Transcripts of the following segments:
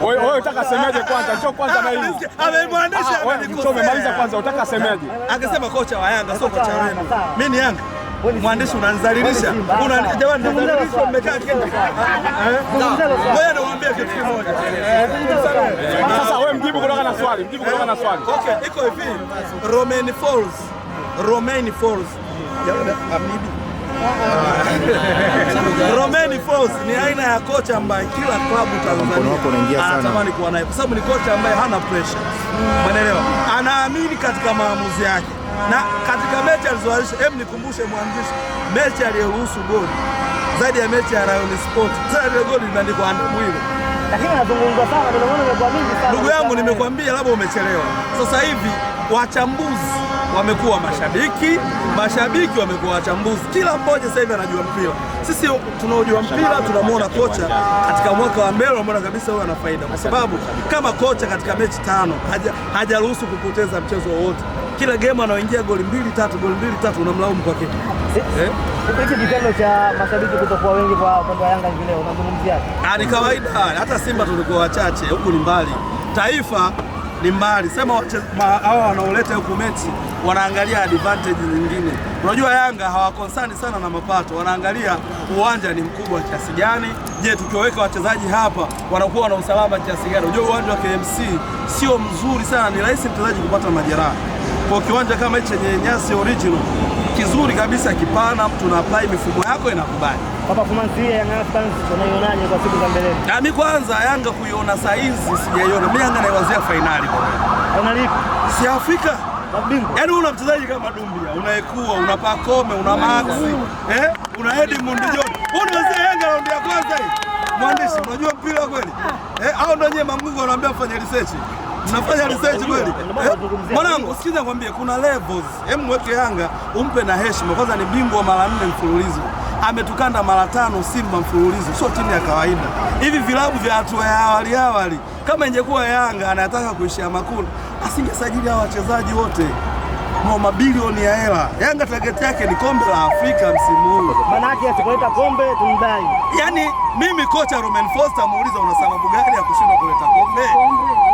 Wewe unataka semeje kwanza? Njoo kwanza na hili. Amemwandisha amemaliza. Umemaliza kwanza, unataka semeje? Akisema kocha wa Yanga sio kocha wenu. Mimi ni Yanga. Mwandishi unanizalilisha. Una jamani unanizalilisha mmekaa Kenya. Ngoja niwaambie kitu kimoja. Sasa wewe mjibu kutoka na swali, mjibu kutoka na swali. Okay, iko hivi. Romain Falls. Romain Falls. Amidi. Romeni Folz ni aina ya kocha ambaye kila klabu Tanzania anatamani kuwa naye, kwa sababu ni kocha ambaye hana pressure, umeelewa? Anaamini katika maamuzi yake, na katika mechi alizoanzisha, hem, nikumbushe mwandishi, mechi aliyeruhusu goli zaidi ya mechi ya Rayon Sports, tena ile goli limeandikwa Andabwile. Ndugu yangu, nimekwambia labda umechelewa. Sasa hivi wachambuzi wamekuwa mashabiki, mashabiki wamekuwa wachambuzi, kila mmoja sasa hivi anajua mpira. Sisi tunaojua mpira tunamwona kocha katika mwaka wa mbele, unamwona kabisa huyo ana faida, kwa sababu kama kocha katika mechi tano hajaruhusu haja kupoteza mchezo wowote, kila gemu anaoingia goli mbili tatu, goli mbili tatu, unamlaumu kwa kitu Hichi eh? kitendo cha mashabiki kutokuwa wengi kwa upande wa Yanga hivi leo unazungumziaje? Ah, ni kawaida, hata Simba tulikuwa wachache, huku ni mbali taifa ni mbali. Sema hawa wanaoleta huku mechi wanaangalia advantage nyingine. Unajua Yanga hawakonsani sana na mapato, wanaangalia uwanja ni mkubwa kiasi gani. Je, tukiwaweka wachezaji hapa wanakuwa na usalama kiasi gani? Unajua uwanja wa KMC sio mzuri sana, ni rahisi mchezaji kupata majeraha. Kwa kiwanja kama hichi chenye nyasi original kizuri kabisa, kipana, mtu na apply mifumo yako inakubali kwa performance ya Yanga Africans unaionaje kwa siku za mbele? Ah, mimi kwanza Yanga kuiona saizi sijaiona. Mimi Yanga naiwazia finali kwa kweli. Fainali lipi? Si Afrika. Yaani una mchezaji kama Dumbia, unaekua, una Pakome, una Maxi, eh? Una Edmund John. Unawazia Yanga raundi ya kwanza hii. Mwandishi, unajua mpira kweli? Eh, au ndio nyewe Mangungu anaambia fanya research. Mnafanya research kweli? Eh, mwanangu, sikiza nikwambie kuna levels. Hebu mweke Yanga, umpe na heshima. Kwanza ni bingwa mara nne mfululizo ametukanda mara tano Simba mfululizo, sio timu ya kawaida. Hivi vilabu vya hatua ya awali awali, kama ingekuwa Yanga anataka kuishia makundi, asingesajili hawa wachezaji wote mwa mabilioni ya hela. Yanga tageti yake ni kombe la Afrika msimu huu, manake asipoleta kombe tumdai. Yani mimi kocha Romain Foster muuliza, una sababu gani ya kushindwa kuleta kombe?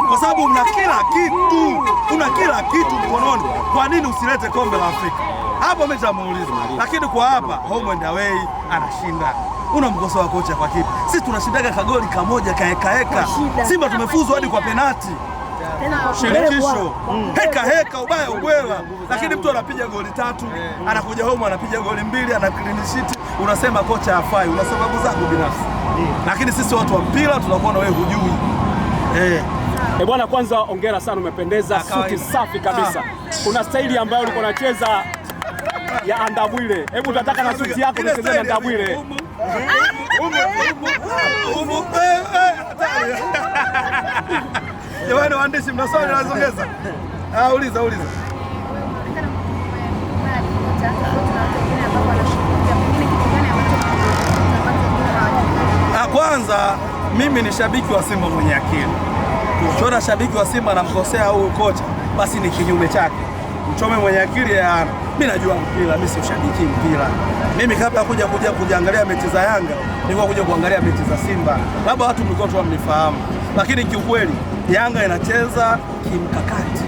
Kwa sababu una kila kitu, una kila kitu mkononi, kwa nini usilete kombe la Afrika? hapo mechi amuuliza, lakini kwa hapa home and away anashinda. Unamkosoa kocha kwa kipi? Sisi tunashindaga kagoli kamoja kaekaeka. Simba tumefuzwa hadi kwa penati shirikisho heka heka, ubaya ubwela, lakini mtu anapiga goli tatu eh. anakuja home anapiga goli mbili, ana clean sheet, unasema kocha hafai. Una sababu zako binafsi, lakini sisi watu wa mpira tunakuwa na wewe hujui eh. E bwana, kwanza ongera sana, umependeza, suti safi kabisa. Ah. Kuna staili ambayo ulikuwa unacheza ya Andabwile. Hebu tataka na suti yako nisemeni Andabwile. Jamani waandishi, mna swali nazongeza? Ah, uliza uliza. Kwanza mimi ni shabiki wa Simba mwenye akili. Ukiona shabiki wa Simba anamkosea huyu kocha, basi ni kinyume chake. Mchome mwenye akili ya mimi najua mpira, mimi si shabiki mpira. Mimi kabla kuja kuja kujiangalia mechi za Yanga, nilikuwa kuja kuangalia mechi za Simba, labda watu mlikuwa tu mnifahamu, lakini kiukweli Yanga inacheza kimkakati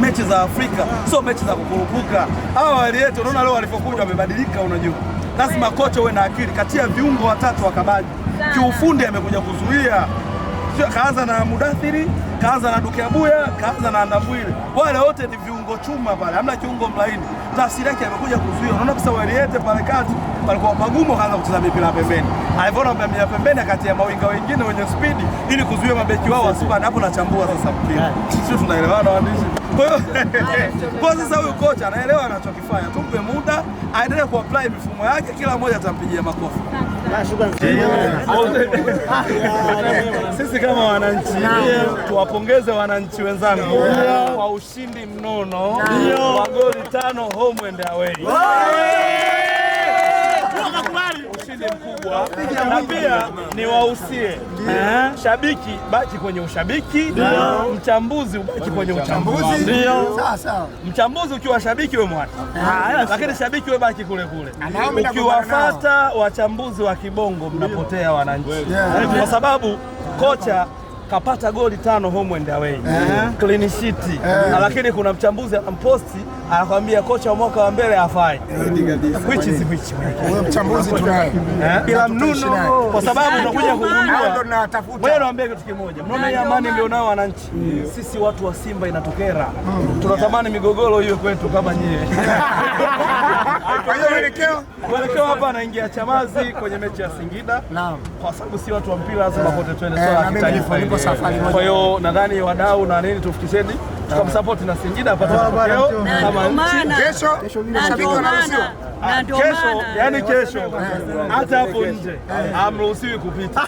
mechi za Afrika sio mechi za kukurupuka. Hawa yetu, unaona leo walivyokuja wamebadilika. Unajua, lazima kocha uwe na akili. Kati ya viungo watatu wakabaji kiufundi, amekuja kuzuia, kaanza na Mudathiri kaanza na Duke Abuya, kaanza na Ndabwile, wale wote ni viungo chuma pale, hamna kiungo mlaini. Tafsiri yake amekuja kuzuia, unaona Kisawariete pale kati palikuwa magumu, kaanza kucheza mipira pembeni, alivona mpira pembeni, kati ya mawinga wengine wenye spidi, ili kuzuia mabeki wao wasipande. Hapo nachambua sasa mpira, sio tunaelewana waandishi? Kwa hiyo kwa sasa huyu kocha anaelewa anachokifanya, tumpe muda aendelee apply mifumo yake, kila mmoja atampigia makofi. Sisi kama wananchi tuwapongeze wananchi wenzangu kwa ushindi mnono wa goli tano home and away kubwa, na pia ni wahusie shabiki baki kwenye ushabiki, mchambuzi ubaki kwenye uchambuzi. Ndio mchambuzi ukiwa shabiki we mwati, lakini shabiki we baki kule kule. Ukiwafata wachambuzi wa kibongo mnapotea wananchi, kwa sababu kocha kapata goli tano home and away -huh. clean sheet -huh. lakini kuna mchambuzi anamposti anakwambia kocha wa mwaka wa mbele afai which is which. mchambuzi tunaye bila mnuno, kwa sababu tunakuja kugundua. Wewe naambia kitu kimoja, mnaona amani ndio nao wananchi sisi, watu wa Simba inatukera, mm. tunatamani migogoro hiyo kwetu kama nyewe. Kwa hiyo mwelekeo mwelekeo hapa anaingia Chamazi kwenye mechi ya Singida, kwa sababu si watu wa mpira, lazima kote eh. twende eh, swala kitaifa safari moja. Kwa hiyo nadhani wadau na nini tufikisheni tukamsapoti na Singida apate matokeo kama Kesho kesho, yani kesho hata hapo nje eh, eh. amruhusiwi kupita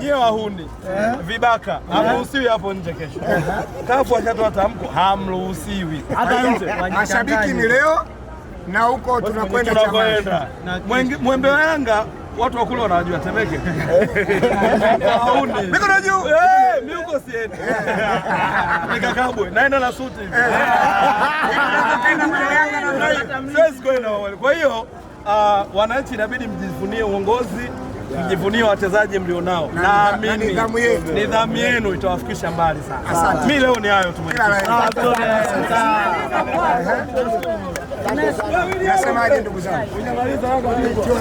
nyie wahuni eh? vibaka, hamruhusiwi hapo nje kesho. Kafu ashatoa tamko, hamruhusiwi hata nje. Mashabiki ni leo na huko tunakwenda, mwembe wa Yanga watu wakule wanajua Temeke mikono juu, eh, mimi huko siendi, nikakabwe naenda na suti eh. siwezi kwenda. Kwa hiyo ah, wananchi, inabidi mjivunie uongozi, mjivunie wachezaji mlionao, naamini nidhamu yenu itawafikisha mbali sana. Mi leo ni hayo tu.